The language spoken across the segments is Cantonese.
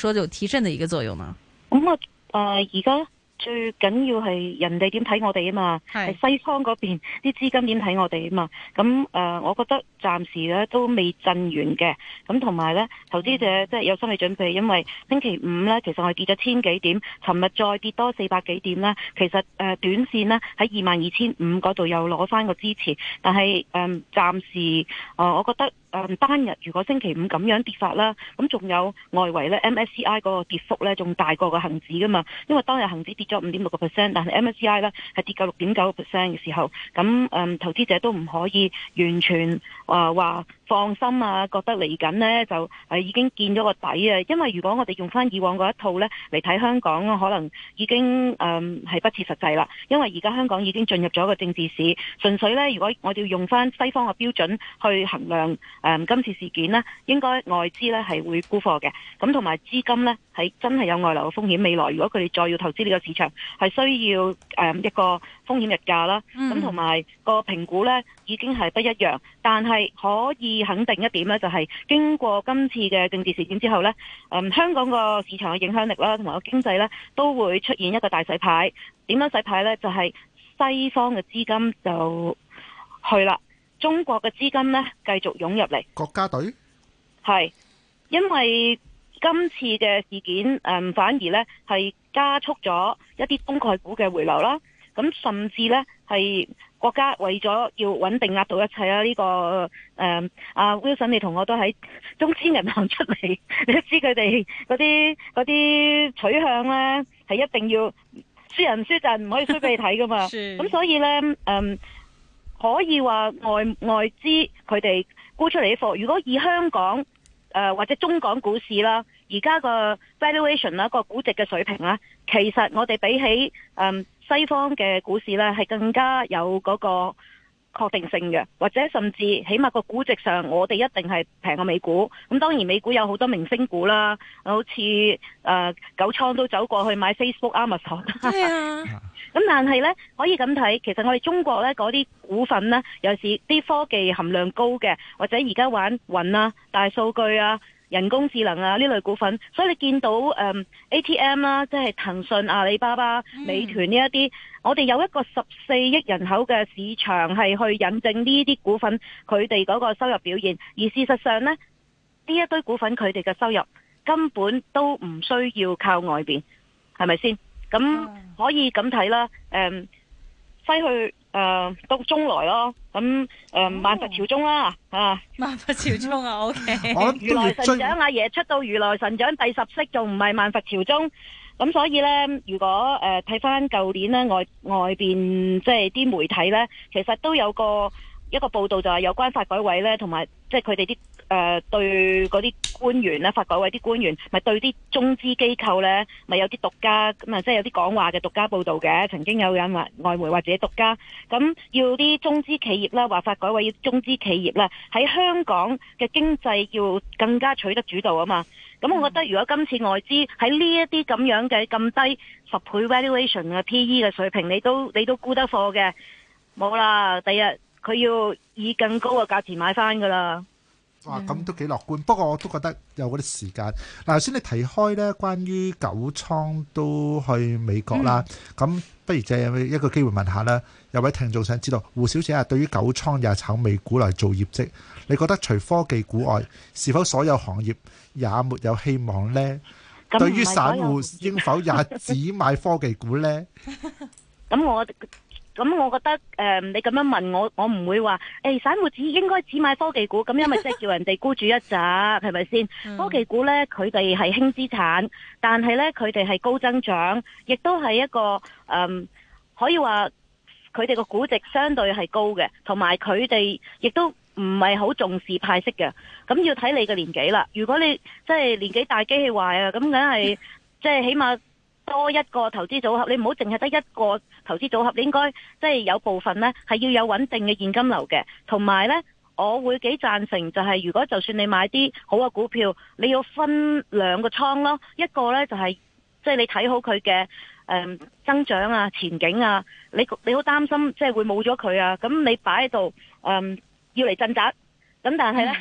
說有提振嘅一個作用嘛。咁、嗯、啊，誒而家最緊要係人哋點睇我哋啊嘛，係西方嗰邊啲資金點睇我哋啊嘛。咁、嗯、誒、呃，我覺得暫時咧都未振完嘅未震完。咁同埋咧，投資者即係有心理準備，因為星期五咧其實係跌咗千幾點，尋日再跌多四百幾點咧，其實誒、呃、短線咧喺二萬二千五嗰度又攞翻個支持，但係誒、呃、暫時誒、呃，我覺得。誒單日如果星期五咁樣跌法啦，咁仲有外圍咧 MSCI 嗰個跌幅咧仲大過個恒指噶嘛？因為當日恒指跌咗五點六個 percent，但係 MSCI 咧係跌夠六點九個 percent 嘅時候，咁誒、嗯、投資者都唔可以完全誒話、呃、放心啊，覺得嚟緊呢就已經見咗個底啊。因為如果我哋用翻以往嗰一套咧嚟睇香港，可能已經誒係、嗯、不切實際啦。因為而家香港已經進入咗個政治市，純粹咧如果我哋要用翻西方嘅標準去衡量。誒、嗯，今次事件呢應該外資呢係會沽貨嘅，咁同埋資金呢係真係有外流嘅風險。未來如果佢哋再要投資呢個市場，係需要誒一個風險溢價啦，咁同埋個評估呢已經係不一樣。但係可以肯定一點呢、就是，就係經過今次嘅政治事件之後呢，誒、嗯、香港個市場嘅影響力啦，同埋個經濟呢，都會出現一個大洗牌。點樣洗牌呢？就係、是、西方嘅資金就去啦。中國嘅資金呢繼續湧入嚟，國家隊係因為今次嘅事件，誒、呃、反而呢係加速咗一啲中概股嘅回流啦。咁甚至呢係國家為咗要穩定壓倒一切啦。呢、這個誒，阿、呃啊、Wilson 你同我都喺中資銀行出嚟，你都知佢哋嗰啲嗰啲取向呢，係一定要輸人輸陣唔可以輸俾你睇噶嘛。咁 所以呢。嗯、呃。可以話外外資佢哋估出嚟啲貨，如果以香港誒、呃、或者中港股市啦，而家個 valuation 啦，個估值嘅水平啦，其實我哋比起誒、嗯、西方嘅股市咧，係更加有嗰個確定性嘅，或者甚至起碼個估值上，我哋一定係平過美股。咁當然美股有好多明星股啦，好似誒、呃、九倉都走過去買 Facebook Amazon、啊、Amazon。 咁但係呢，可以咁睇，其實我哋中國呢嗰啲股份呢，有時啲科技含量高嘅，或者而家玩雲啊、大數據啊、人工智能啊呢類股份，所以你見到、嗯、ATM 啦、啊，即係騰訊、阿里巴巴、美團呢一啲、嗯，我哋有一個十四億人口嘅市場係去引證呢啲股份佢哋嗰個收入表現，而事實上呢，呢一堆股份佢哋嘅收入根本都唔需要靠外邊，係咪先？咁可以咁睇啦，誒、嗯，西去誒到、呃、中來咯，咁、嗯、誒萬佛朝中啦、哦，啊，萬佛朝中啊 ，o、okay、我，如來神掌阿爺、啊、出到如來神掌第十式仲唔係萬佛朝中，咁所以咧，如果誒睇返舊年咧外外邊即係啲媒體咧，其實都有個。一個報道就係有關發改委咧，同埋即係佢哋啲誒對嗰啲官員咧，發改委啲官員咪對啲中資機構咧咪有啲獨家咁啊，即係有啲講話嘅獨家報道嘅。曾經有人話外媒或者獨家咁要啲中資企業啦，話發改委要中資企業啦，喺香港嘅經濟要更加取得主導啊嘛。咁我覺得如果今次外資喺呢一啲咁樣嘅咁低十倍 valuation 嘅 PE 嘅水平，你都你都估得貨嘅冇啦，第日。佢要以更高嘅價錢買翻噶啦。哇，咁都幾樂觀、嗯。不過我都覺得有嗰啲時間。嗱、頭先你提開咧，關於九倉都去美國啦。咁、嗯、不如借一個機會問下啦。有位聽眾想知道，胡小姐啊，對於九倉也炒美股嚟做業績，你覺得除科技股外、嗯，是否所有行業也沒有希望呢？對於散戶，應否也只買科技股呢？咁 我。咁、嗯、我覺得誒、呃，你咁樣問我，我唔會話誒、欸，散戶只應該只買科技股，咁因為即係叫人哋孤注一擲，係咪先？科技股呢，佢哋係輕資產，但係呢，佢哋係高增長，亦都係一個誒、呃，可以話佢哋個估值相對係高嘅，同埋佢哋亦都唔係好重視派息嘅。咁要睇你嘅年紀啦，如果你即係年紀大機器壞啊，咁梗係即係起碼。多一個投資組合，你唔好淨係得一個投資組合，你應該即係有部分呢係要有穩定嘅現金流嘅，同埋呢，我會幾贊成、就是，就係如果就算你買啲好嘅股票，你要分兩個倉咯，一個呢就係即係你睇好佢嘅誒增長啊前景啊，你你好擔心即係、就是、會冇咗佢啊，咁你擺喺度，嗯、呃、要嚟鎮紮。咁但係呢，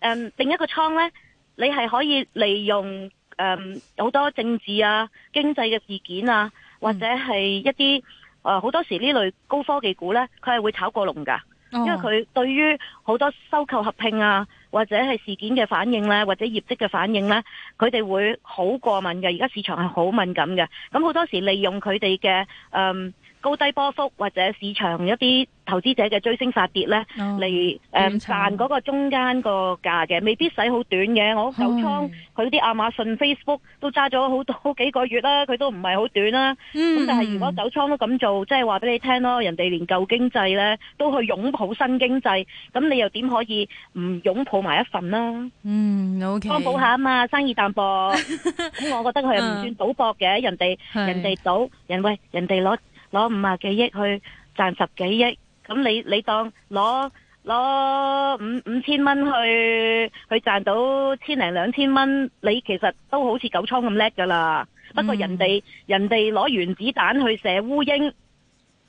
嗯、呃、另一個倉呢，你係可以利用。誒、嗯，好多政治啊、經濟嘅事件啊，或者係一啲，啊、呃、好多時呢類高科技股呢，佢係會炒過龍㗎，因為佢對於好多收購合併啊，或者係事件嘅反應呢，或者業績嘅反應呢，佢哋會好過敏嘅。而家市場係好敏感嘅，咁、嗯、好多時利用佢哋嘅，嗯。高低波幅或者市場一啲投資者嘅追升殺跌呢嚟誒、oh, 賺嗰個中間個價嘅，未必使好短嘅。我、hmm. 九倉佢啲亞馬遜、Amazon, Facebook 都揸咗好好幾個月啦，佢都唔係好短啦。咁、mm. 但係如果九倉都咁做，即係話俾你聽咯，人哋連舊經濟呢都去擁抱新經濟，咁你又點可以唔擁抱埋一份啦？嗯，O K。幫補下啊嘛，生意淡薄，咁 我覺得佢又唔算賭博嘅、uh.，人哋人哋賭，人喂人哋攞。攞五啊幾億去賺十幾億，咁你你當攞攞五五千蚊去去賺到千零兩千蚊，你其實都好似九倉咁叻㗎喇。不過人哋、嗯、人哋攞原子彈去射烏蠅，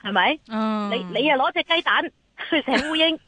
係咪？嗯，你你又攞隻雞蛋去射烏蠅。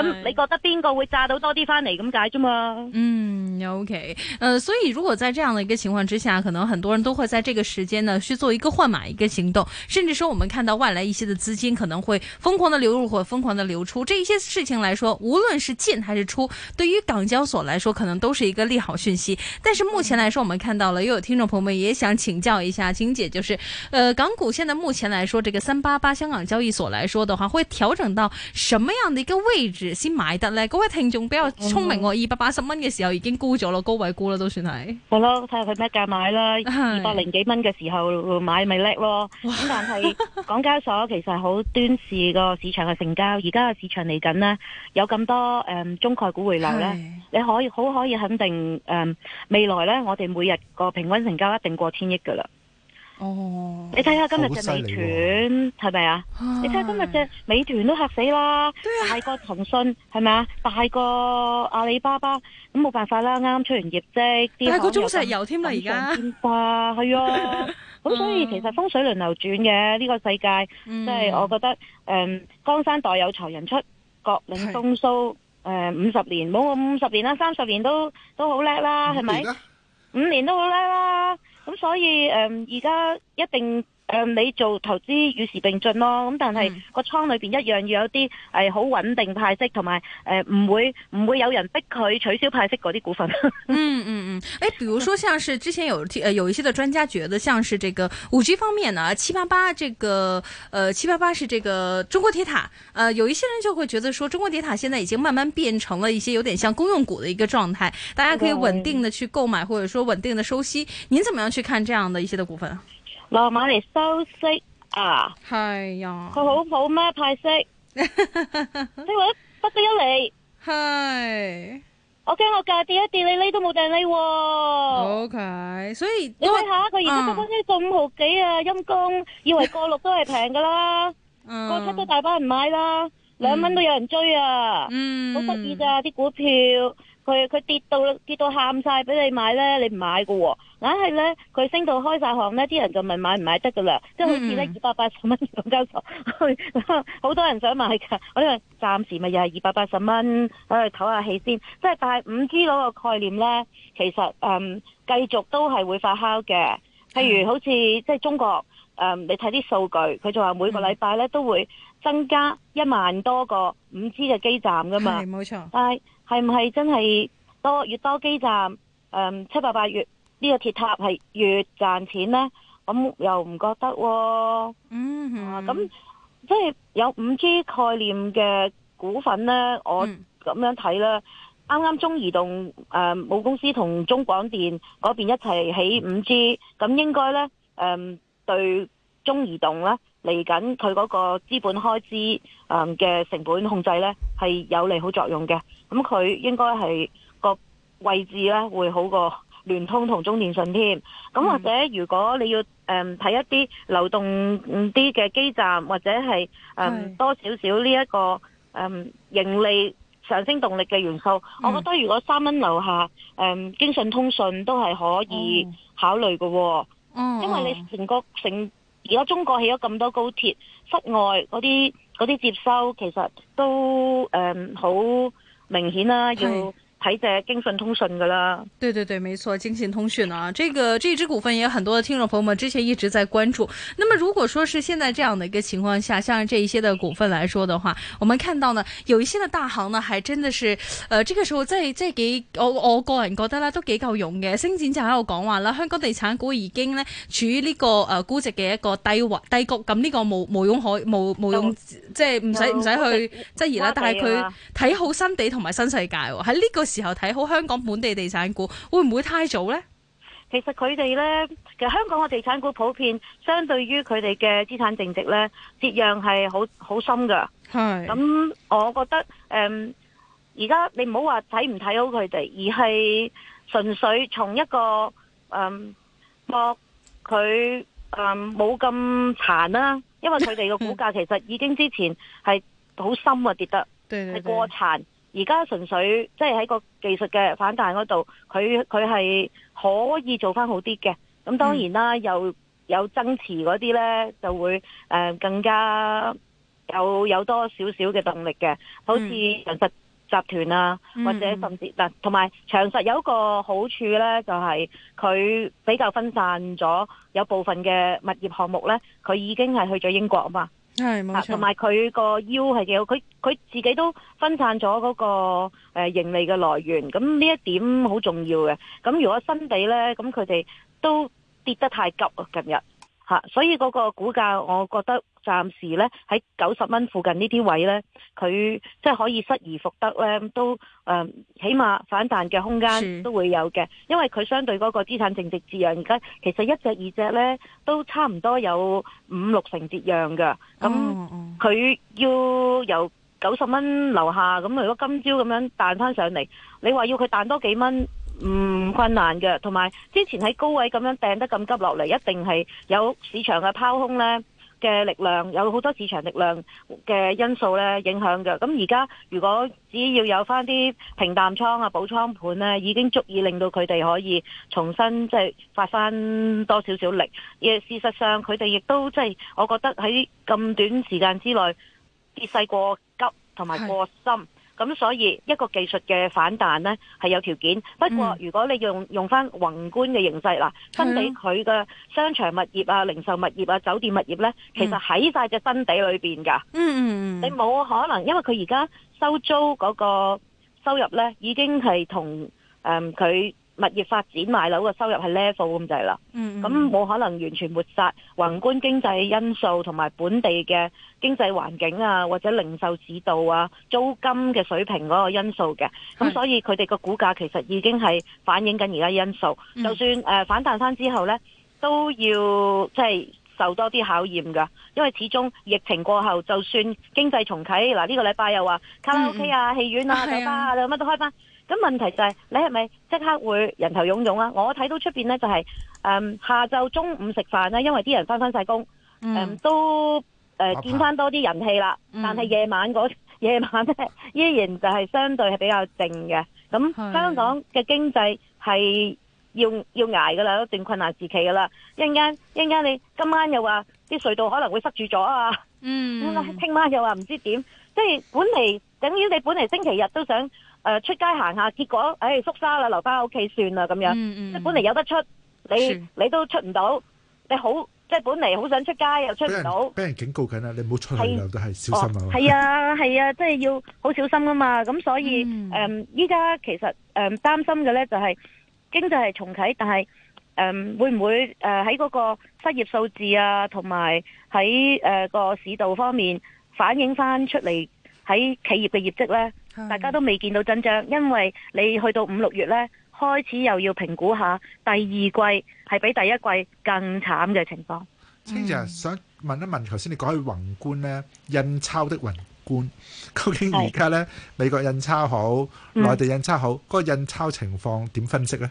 咁你覺得邊個會炸到多啲翻嚟，咁解啫嘛？嗯，OK，呃，所以如果在這樣的一個情況之下，可能很多人都會在這個時間呢去做一個換馬一個行動，甚至說我們看到外來一些的資金可能會瘋狂的流入或瘋狂的流出，這一些事情來說，無論是進還是出，對於港交所來說可能都是一個利好訊息。但是目前來說，我們看到了又有，有聽眾朋友們也想請教一下金姐，就是呃，呃港股現在目前來說，這個三八八香港交易所來說的話，會調整到什麼樣的一個位置？先買得呢？嗰位聽眾比較聰明，我二百八十蚊嘅時候已經沽咗咯，高位沽啦，都算係。好咯，睇下佢咩價買啦，二百零幾蚊嘅時候買咪叻咯。咁但係港交所其實好端視個市場嘅成交，而家嘅市場嚟緊呢，有咁多誒中概股回流呢，你可以好可以肯定誒未來呢，我哋每日個平均成交一定過千億噶啦。哦、oh，你睇下今日隻美團係咪啊？是是 你睇下今日隻美團都嚇死啦、 啊，大過騰訊係咪啊？大過阿里巴巴咁冇、嗯、辦法啦，啱出完業績，但係嗰中石油添啊而家，爆發係啊，咁 所以其實風水輪流轉嘅呢個世界，即、嗯、係、就是、我覺得誒、呃，江山代有才人出，各領風騷誒，五十、呃、年冇咁五十年啦，三十年都都好叻啦，係咪？五年都好叻啦。咁所以誒，而家一定。誒、嗯，你做投資與時並進咯，咁但係個倉裏邊一樣要有啲誒好穩定派息，同埋誒唔會唔會有人逼佢取消派息嗰啲股份。嗯嗯嗯，誒、欸，比如說像是之前有有一些的專家覺得，像是這個五 G 方面呢、啊，七八八這個，呃七八八是這個中國鐵塔，呃有一些人就會覺得說中國鐵塔現在已經慢慢變成了一些有點像公用股的一個狀態，大家可以穩定的去購買，或者說穩定的收息。您怎麼樣去看這樣的一些的股份？落馬嚟收息啊，係、哎、啊，佢好好咩派息，你 為不得一嚟，係，我驚我價跌一跌，你呢都冇定喎，O K，所以你睇下佢而家七蚊跌到五毫幾啊，陰、嗯、功以為過六都係平噶啦、嗯，過七都大把人買啦，兩蚊都有人追啊，好得意咋啲股票。佢佢跌到跌到喊晒俾你買呢，你唔買噶、哦，硬係呢，佢升到開晒行呢，啲人就問買唔買得噶啦，即、嗯、係好似呢，二百八十蚊咁。交好多人想買噶，我為暫時咪又係二百八十蚊，我哋唞下氣先。即係但係五 G 嗰個概念呢，其實嗯繼續都係會發酵嘅。譬如好似即係中國誒、嗯，你睇啲數據，佢就話每個禮拜呢都會。增加一萬多個五 G 嘅基站噶嘛，係冇錯。但係係唔係真係多越多基站？誒，七八八越呢個鐵塔係越賺錢呢？咁又唔覺得嗯、啊？嗯，咁即係有五 G 概念嘅股份呢，我咁樣睇啦，啱啱中移動誒、呃、母公司同中廣電嗰邊一齊起五 G，咁應該呢誒、呃、對中移動呢嚟緊佢嗰個資本開支嘅成本控制呢，係有利好作用嘅。咁佢應該係個位置呢會好過聯通同中電信添。咁、嗯、或者如果你要睇、嗯、一啲流動啲嘅基站或者係、嗯、多少少呢一、這個、嗯、盈利上升動力嘅元素、嗯，我覺得如果三蚊樓下誒京信通訊都係可以考慮嘅、嗯。嗯，因為你成個成。而家中國起咗咁多高鐵，室外嗰啲嗰啲接收其實都誒好、嗯、明顯啦、啊，要。睇隻京信通訊噶啦，對對對，沒錯，京信通訊啊，這個這支股份也有很多的聽眾朋友們之前一直在關注。那麼如果說是現在這樣的一個情況下，像這一些的股份來說的話，我們看到呢，有一些的大行呢，還真的是，呃，這個時候再、就、再、是就是、幾我我個人覺得啦，都幾夠勇嘅。星展就喺度講話啦，香港地產股已經呢處於呢、這個誒估、呃、值嘅一個低位低谷，咁呢個無無用可無無勇、哦，即係唔使唔使去質疑啦、哦啊。但係佢睇好新地同埋新世界喺呢個時候睇好香港本地地產股會唔會太早呢？其實佢哋呢，其實香港嘅地產股普遍相對於佢哋嘅資產淨值呢，跌樣係好好深嘅。咁，我覺得誒、嗯，而家你唔好話睇唔睇好佢哋，而係純粹從一個莫博佢冇咁殘啦。因為佢哋嘅股價其實已經之前係好深啊跌得，係過殘。而家純粹即係喺個技術嘅反彈嗰度，佢佢係可以做翻好啲嘅。咁當然啦、嗯，有有增持嗰啲呢，就會誒、呃、更加有有多少少嘅動力嘅。好似長實集團啊、嗯，或者甚至嗱，同埋長實有一個好處呢，就係、是、佢比較分散咗，有部分嘅物業項目呢，佢已經係去咗英國啊嘛。係，同埋佢個腰係幾好，佢佢自己都分散咗嗰個誒盈利嘅來源，咁呢一點好重要嘅。咁如果新地呢，咁佢哋都跌得太急啊，近日吓，所以嗰個股價我覺得。暫時咧喺九十蚊附近呢啲位咧，佢即係可以失而復得咧，都誒、呃，起碼反彈嘅空間都會有嘅。因為佢相對嗰個資產淨值折讓，而家其實一隻二隻咧都差唔多有五六成折讓嘅。咁佢要由九十蚊留下，咁如果今朝咁樣彈翻上嚟，你話要佢彈多幾蚊唔困難嘅。同埋之前喺高位咁樣掟得咁急落嚟，一定係有市場嘅拋空咧。嘅力量，有好多市場力量嘅因素咧影響嘅，咁而家如果只要有翻啲平淡倉啊補倉盤咧，已經足以令到佢哋可以重新即係、就是、發翻多少少力。而事實上，佢哋亦都即係、就是、我覺得喺咁短時間之內跌勢過急同埋過深。咁、嗯、所以一個技術嘅反彈呢，係有條件，不過如果你用用翻宏觀嘅形勢啦，分俾佢嘅商場物業啊、零售物業啊、酒店物業呢，其實喺晒只分地裏邊噶，你冇可能，因為佢而家收租嗰個收入呢，已經係同誒佢。嗯物業發展賣樓嘅收入係 level 咁就係啦，咁，mm-hmm. 冇可能完全抹殺宏觀經濟因素同埋本地嘅經濟環境啊，或者零售指導啊、租金嘅水平嗰個因素嘅，咁所以佢哋個股價其實已經係反映緊而家因素，mm-hmm. 就算誒反彈翻之後呢，都要即係受多啲考驗噶，因為始終疫情過後，就算經濟重啟，嗱、這、呢個禮拜又話卡拉 OK 啊、戲院啊、mm-hmm. 酒吧啊，乜、yeah. 都開翻。咁問題就係、是、你係咪即刻會人頭涌湧啊？我睇到出面呢、就是，就係誒下晝中午食飯咧，因為啲人翻翻晒工，嗯，嗯都誒、呃、見翻多啲人氣啦、嗯。但係夜晚嗰夜晚咧，依然就係相對係比較靜嘅。咁香港嘅經濟係要要捱噶啦，都正困難時期噶啦。一陣間一陣間，你今晚又話啲隧道可能會塞住咗啊！嗯，聽晚聽晚又話唔知點，即係本嚟等於你本嚟星期日都想。誒、呃，出街行下，結果誒，縮、哎、沙啦，留翻喺屋企算啦，咁樣。嗯即係、嗯、本嚟有得出，你你都出唔到。你好，即係本嚟好想出街又出唔到。俾人，人警告緊啦，你唔好出去又都係小心、哦、啊。係啊係啊，即係、啊、要好小心噶嘛。咁所以誒、依、嗯、家、呃、其實誒擔、呃、心嘅咧就係經濟係重啟，但係誒、呃、會唔會誒喺嗰個失業數字啊，同埋喺誒個市道方面反映翻出嚟喺企業嘅業績咧？大家都未見到真章，因為你去到五六月呢，開始又要評估一下第二季係比第一季更慘嘅情況。清姐想問一問，頭先你講去宏觀咧，印鈔的宏觀，究竟而家呢，美國印鈔好，內地印鈔好，嗯，那個印鈔情況點分析呢？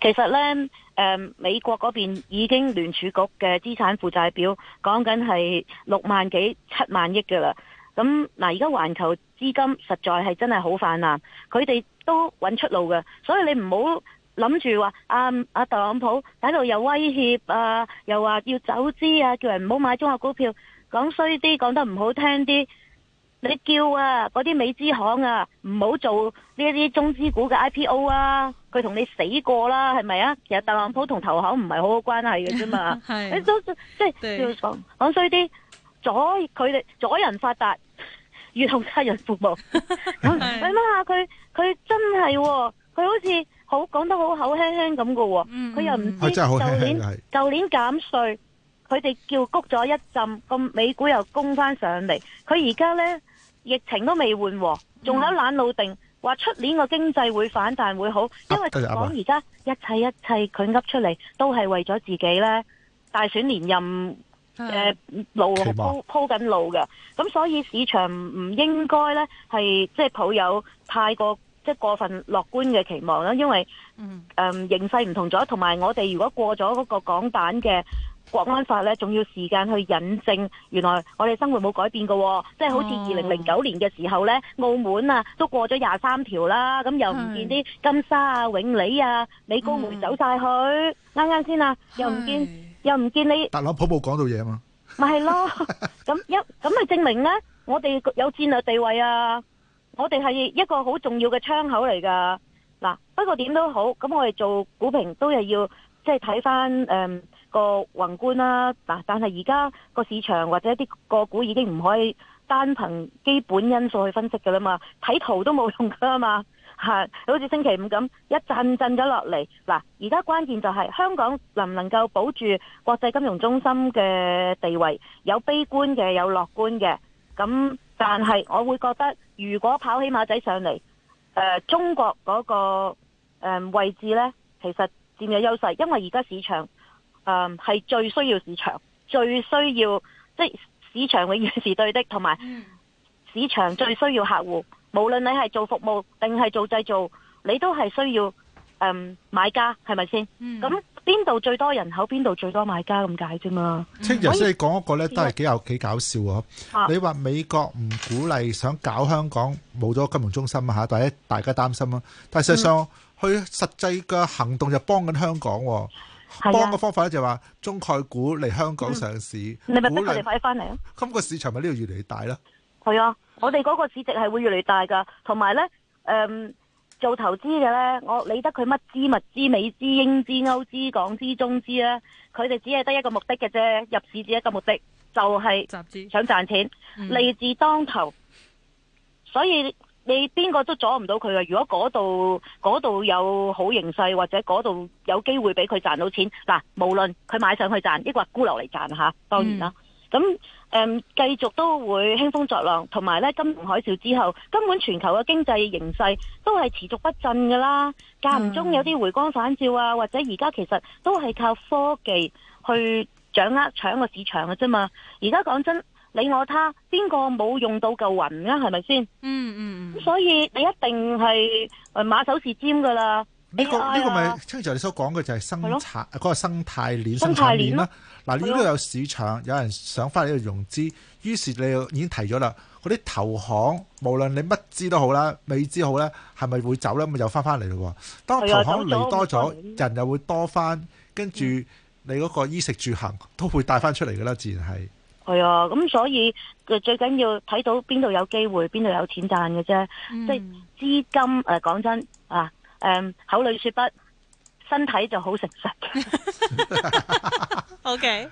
其實呢，誒、嗯，美國嗰邊已經聯儲局嘅資產負債表講緊係六萬幾七萬億噶啦。咁嗱，而家環球資金實在係真係好泛濫，佢哋都揾出路嘅，所以你唔好諗住話阿阿特朗普喺度又威脅啊，又話要走資啊，叫人唔好買中國股票，講衰啲，講得唔好聽啲，你叫啊嗰啲美資行啊唔好做呢一啲中資股嘅 IPO 啊，佢同你死過啦，係咪啊？其實特朗普同投行唔係好好關係嘅啫嘛，你都即係要講講衰啲，阻佢哋阻人發達。月同客人服務，你諗下佢佢真係、哦，佢好似好講得好口輕輕咁嘅喎，佢、嗯、又唔，知、啊，舊年舊年減稅，佢哋叫谷咗一陣個美股又攻翻上嚟。佢而家呢，疫情都未緩和，仲有懶老定，話、嗯、出年個經濟會反彈會好，因為講而家一切一切佢噏出嚟都係為咗自己呢，大選連任。誒、呃、路鋪鋪緊路嘅，咁所以市場唔應該咧係即係抱有太過即係過分樂觀嘅期望啦，因為誒、嗯嗯、形勢唔同咗，同埋我哋如果過咗嗰個港版嘅國安法咧，仲要時間去引證，原來我哋生活冇改變喎、哦。即、嗯、係、就是、好似二零零九年嘅時候咧，澳門啊都過咗廿三條啦，咁、嗯嗯、又唔見啲金沙啊、永利啊、美高梅走晒。去、嗯，啱啱先啊，嗯、又唔見。又唔見你特朗普冇講到嘢啊嘛，咪係咯，咁一咁咪證明咧，我哋有戰略地位啊，我哋係一個好重要嘅窗口嚟噶。嗱，不過點都好，咁我哋做股評都係要即係睇翻誒個宏觀啦。嗱，但係而家個市場或者啲個股已經唔可以單憑基本因素去分析噶啦嘛，睇圖都冇用噶啦嘛。好似星期五咁一震震咗落嚟。嗱，而家關鍵就係、是、香港能唔能夠保住國際金融中心嘅地位？有悲觀嘅，有樂觀嘅。咁，但係我會覺得，如果跑起馬仔上嚟，誒、呃、中國嗰、那個、呃、位置呢，其實佔有優勢，因為而家市場誒係、呃、最需要市場，最需要即係、就是、市場永遠是對的，同埋市場最需要客戶。無論你係做服務定係做製造，你都係需要誒買家，係咪先？咁邊度最多人口，邊度最多買家咁解啫嘛。即係頭先你講嗰個咧，都係幾有幾搞笑喎。你話美國唔鼓勵想搞香港，冇咗金融中心啊吓，但係大家擔心啦。但係事實上，佢實際嘅行動就幫緊香港。係啊。幫嘅方法咧就話中概股嚟香港上市，你咪逼佢哋快啲翻嚟咯。咁個市場咪呢度越嚟越大咯。係啊。我哋嗰個市值係會越嚟越大噶，同埋呢，誒、嗯，做投資嘅呢，我理得佢乜資、物資、美資、英資、歐資、港資、中資呢。佢哋只係得一個目的嘅啫，入市只一個目的，就係、集資、想賺錢，利字、嗯、當頭，所以你邊個都阻唔到佢啊！如果嗰度嗰度有好形勢，或者嗰度有機會俾佢賺到錢，嗱，無論佢買上去賺，抑或沽留嚟賺吓，當然啦。嗯咁誒，嗯、繼續都會興風作浪，同埋呢，金融海嘯之後，根本全球嘅經濟形勢都係持續不振噶啦。間唔中有啲回光返照啊，嗯、或者而家其實都係靠科技去掌握搶個市場嘅啫嘛。而家講真，你我他邊個冇用到嚿雲啊？係咪先？嗯嗯，所以你一定係馬首是瞻噶啦。呢、這個呢、哎這個咪，聽、哎、就你所講嘅就係生產嗰、那個生態鏈、生態鏈啦。嗱，呢個、啊、有市場，的有人想翻嚟度融資，於是，是你就已經提咗啦。嗰啲投行，無論你乜資都好啦，美資好咧，係咪會走咧？咁又翻翻嚟嘞喎。當投行嚟多咗，人又會多翻，跟住你嗰個衣食住行都會帶翻出嚟噶啦，自然係。係啊，咁所以最緊要睇到邊度有機會，邊度有錢賺嘅啫。即係資金誒，講、嗯、真啊～Um, 口裏說不，身體就好誠實。OK。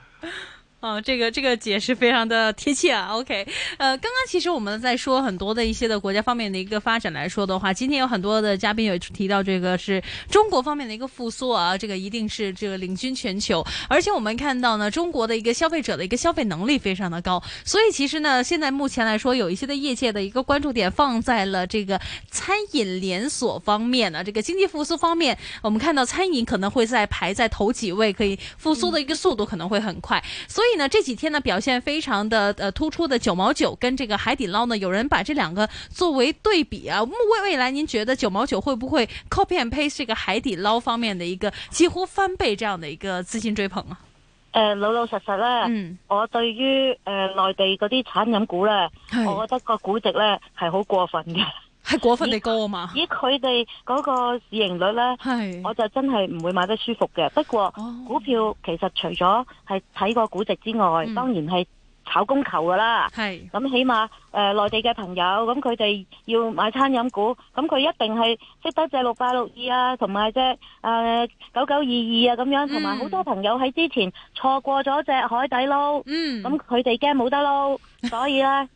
嗯、哦，這個這個解釋非常的貼切啊。OK，呃，剛剛其實我們在說很多的一些的國家方面的一個發展來說的話，今天有很多的嘉賓有提到這個是中國方面的一個復甦啊，這個一定是這個領軍全球。而且我們看到呢，中國的一個消費者的一個消費能力非常的高，所以其實呢，現在目前來說有一些的業界的一個關注點放在了這個餐飲連鎖方面呢，這個經濟復甦方面，我們看到餐飲可能會在排在頭幾位，可以復甦的一個速度可能會很快，嗯、所以。那這幾天呢，表現非常的呃突出的九毛九跟這個海底撈呢，有人把這兩個作為對比啊。未未來，您覺得九毛九會不會 copy and paste 這個海底撈方面的一個幾乎翻倍這樣的一個資金追捧啊？呃、老老實實呢，嗯，我對於誒、呃、內地嗰啲餐飲股呢，我覺得個估值呢，係好過分嘅。係過分嘅高啊嘛！以佢哋嗰個市盈率呢，我就真係唔會買得舒服嘅。不過股票其實除咗係睇個估值之外，當然係炒供求噶啦。咁起碼誒內地嘅朋友，咁佢哋要買餐飲股，咁佢一定係識得隻六八六二啊，同埋隻誒九九二二啊咁樣，同埋好多朋友喺之前錯過咗隻海底撈。咁佢哋驚冇得撈，所以呢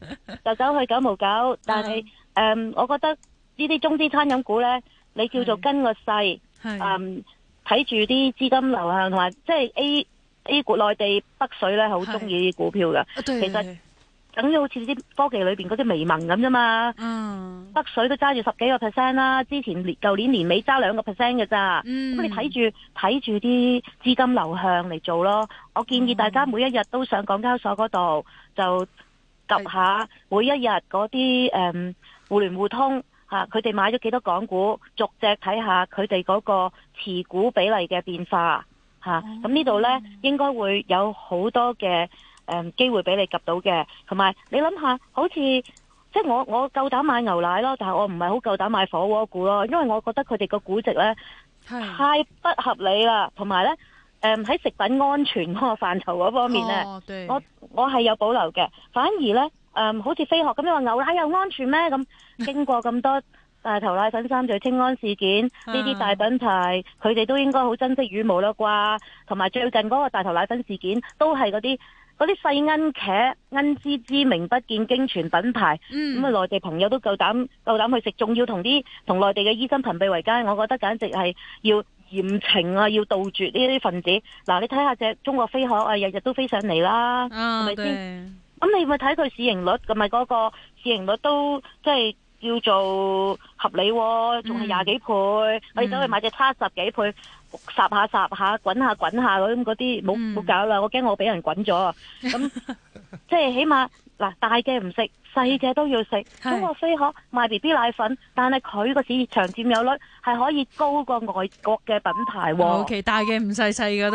就走去九毛九，但係誒、um,，我覺得呢啲中資餐飲股呢，你叫做跟個勢，睇住啲資金流向同埋，即係 A A 股內地北水呢，好中意啲股票㗎。其實等於好似啲科技裏邊嗰啲微盟咁啫嘛。嗯，北水都揸住十幾個 percent 啦，之前年舊年年尾揸兩個 percent 嘅咋。咁、嗯、你睇住睇住啲資金流向嚟做咯。我建議大家每一日都上港交所嗰度就及下每一日嗰啲誒。Um, 互聯互通嚇，佢哋買咗幾多港股，逐隻睇下佢哋嗰個持股比例嘅變化嚇。咁呢度呢，應該會有好多嘅誒、嗯、機會俾你及到嘅。同埋你諗下，好似即係我我夠膽買牛奶咯，但係我唔係好夠膽買火鍋股咯，因為我覺得佢哋個估值呢，太不合理啦。同埋呢，誒、嗯、喺食品安全嗰個範疇嗰方面呢，oh, 我我係有保留嘅。反而呢。誒、嗯，好似飛鶴咁，你話牛奶又安全咩？咁經過咁多大頭奶粉三聚氰胺事件，呢啲大品牌佢哋都應該好珍惜羽毛啦啩。同埋最近嗰個大頭奶粉事件，都係嗰啲嗰啲細恩茄恩滋滋名不見經傳品牌。咁、嗯、啊，內地朋友都夠膽夠膽去食，仲要同啲同內地嘅醫生朋比為奸。我覺得簡直係要嚴懲啊，要杜絕呢啲分子。嗱，你睇下隻中國飛鶴啊，日日都飛上嚟啦，係咪先？是咁你咪睇佢市盈率，咁咪嗰個市盈率都即係叫做合理，哦，仲係廿幾倍。你走去買隻差、嗯、十幾倍，十下十下，下下下下嗯、我我滾下滾下嗰咁嗰啲，冇冇搞啦！我驚我俾人滾咗啊！咁即係起碼嗱大嘅唔食，細嘅都要食。中國飛鶴賣 B B 奶粉，但係佢個市場佔有率係可以高過外國嘅品牌喎，哦。Okay, 大嘅唔細細嘅都。